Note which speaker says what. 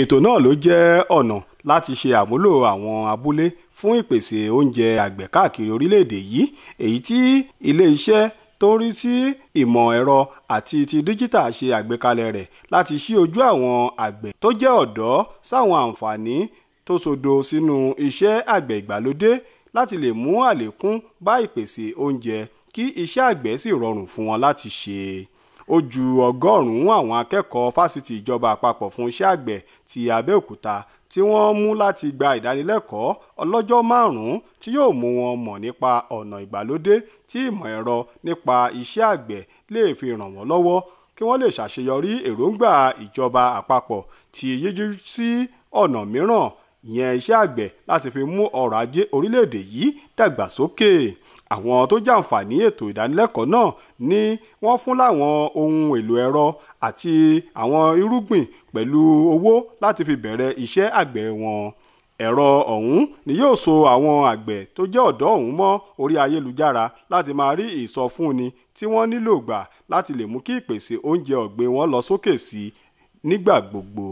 Speaker 1: ètò náà ló jẹ́ ọ̀nà láti ṣe àmúlò àwọn abúlé fún ìpèsè oúnjẹ àgbẹ̀ káàkiri orílẹ̀-èdè yìí èyí tí ilé-iṣẹ́ tó ń rí sí ìmọ̀ ẹ̀rọ àti ti díjítà ṣe àgbékalẹ̀ rẹ̀ láti ṣí ojú àwọn àgbẹ̀ tó jẹ́ ọ̀dọ́ sáwọn àǹfààní tó sodo sínú iṣẹ́ àgbẹ̀ ìgbàlódé láti lè mú àlékún bá ìpèsè oúnjẹ kí iṣẹ́ àgbẹ̀ sì rọrùn fún wọn láti ṣe ó ju ọgọ́rùn-ún àwọn akẹ́kọ̀ọ́ fásitì ìjọba àpapọ̀ fún iṣẹ́ àgbẹ̀ ti Abẹ́òkúta tí wọ́n mú láti gba ìdánilẹ́kọ̀ọ́ ọlọ́jọ́ márùn-ún tí yóò mú wọn mọ̀ nípa ọ̀nà ìgbàlódé tí ìmọ̀ ẹ̀rọ nípa iṣẹ́ àgbẹ̀ lè fi ràn wọ́n lọ́wọ́ kí wọ́n lè ṣàṣeyọrí èròǹgbà ìjọba àpapọ̀ ti yíjú sí ọ̀nà mìíràn ìyẹn iṣẹ́ àgbẹ̀ láti fi mú ọrọ̀ ajé orílẹ̀-èdè yìí dàgbàsókè àwọn tó jàǹfààní ètò ìdánilẹ́kọ̀ọ́ náà ni wọ́n fún láwọn ohun èlò ẹ̀rọ àti àwọn irúgbìn pẹ̀lú owó láti fi bẹ̀rẹ̀ iṣẹ́ àgbẹ̀ wọn ẹ̀rọ ọ̀hún ni yóò so àwọn àgbẹ̀ tó jẹ́ ọ̀dọ́ ọ̀hún mọ́ orí ayélujára láti máa rí ìsọfúnni tí wọ́n nílò gbà láti lè mú kí ìpèsè oúnjẹ ọ̀gbìn wọn lọ sókè sí i nígbà gbogbo.